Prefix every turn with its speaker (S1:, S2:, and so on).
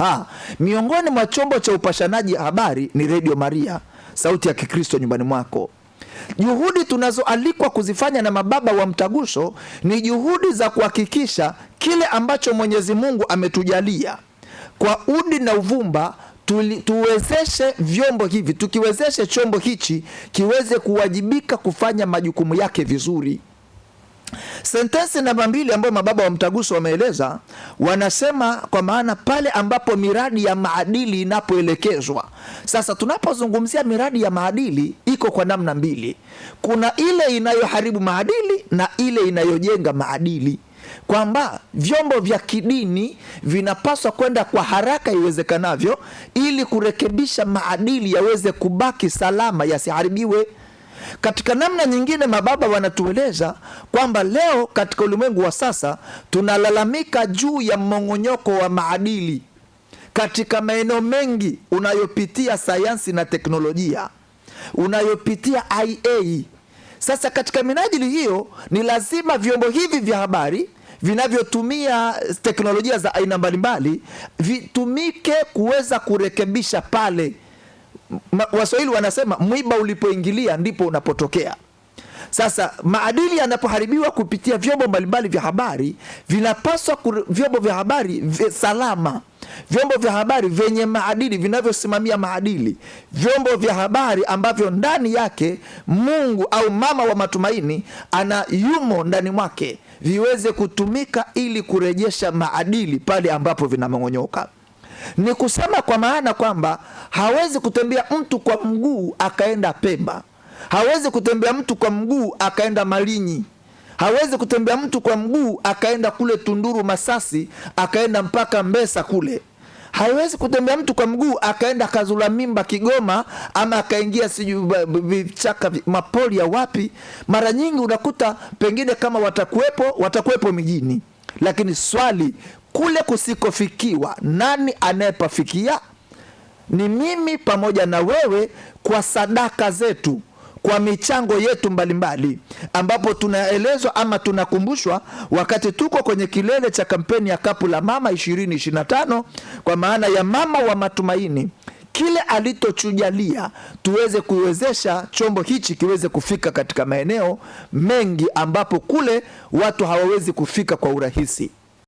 S1: aha, Miongoni mwa chombo cha upashanaji habari ni Radio Maria, sauti ya Kikristo nyumbani mwako. Juhudi tunazoalikwa kuzifanya na mababa wa mtaguso ni juhudi za kuhakikisha kile ambacho Mwenyezi Mungu ametujalia kwa udi na uvumba tuwezeshe vyombo hivi, tukiwezeshe chombo hichi kiweze kuwajibika kufanya majukumu yake vizuri. Sentensi namba mbili ambayo mababa wa mtaguso wameeleza, wanasema kwa maana pale ambapo miradi ya maadili inapoelekezwa. Sasa tunapozungumzia miradi ya maadili iko kwa namna mbili, kuna ile inayoharibu maadili na ile inayojenga maadili, kwamba vyombo vya kidini vinapaswa kwenda kwa haraka iwezekanavyo ili kurekebisha maadili yaweze kubaki salama, yasiharibiwe. Katika namna nyingine, mababa wanatueleza kwamba leo katika ulimwengu wa sasa tunalalamika juu ya mmong'onyoko wa maadili katika maeneo mengi unayopitia sayansi na teknolojia unayopitia IA. Sasa katika minajili hiyo, ni lazima vyombo hivi vya habari vinavyotumia teknolojia za aina mbalimbali vitumike kuweza kurekebisha pale Waswahili wanasema mwiba ulipoingilia ndipo unapotokea. Sasa maadili yanapoharibiwa kupitia vyombo mbalimbali vya habari, vinapaswa vyombo vya habari vya salama, vyombo vya habari vyenye maadili, vinavyosimamia maadili, vyombo vya habari ambavyo ndani yake Mungu au mama wa matumaini ana yumo ndani mwake, viweze kutumika ili kurejesha maadili pale ambapo vinamong'onyoka. Ni kusema kwa maana kwamba Hawezi kutembea mtu kwa mguu akaenda Pemba, hawezi kutembea mtu kwa mguu akaenda Malinyi, hawezi kutembea mtu kwa mguu akaenda kule Tunduru, Masasi, akaenda mpaka Mbesa kule haiwezi kutembea mtu kwa mguu akaenda kazula mimba Kigoma, ama akaingia sijui vichaka mapoli ya wapi. Mara nyingi unakuta pengine kama watakuwepo, watakuwepo mijini, lakini swali kule kusikofikiwa, nani anayepafikia? ni mimi pamoja na wewe kwa sadaka zetu kwa michango yetu mbalimbali mbali, ambapo tunaelezwa ama tunakumbushwa wakati tuko kwenye kilele cha kampeni ya Kapu la Mama 2025 kwa maana ya mama wa matumaini, kile alitochujalia tuweze kuiwezesha chombo hichi kiweze kufika katika maeneo mengi ambapo kule watu hawawezi kufika kwa urahisi.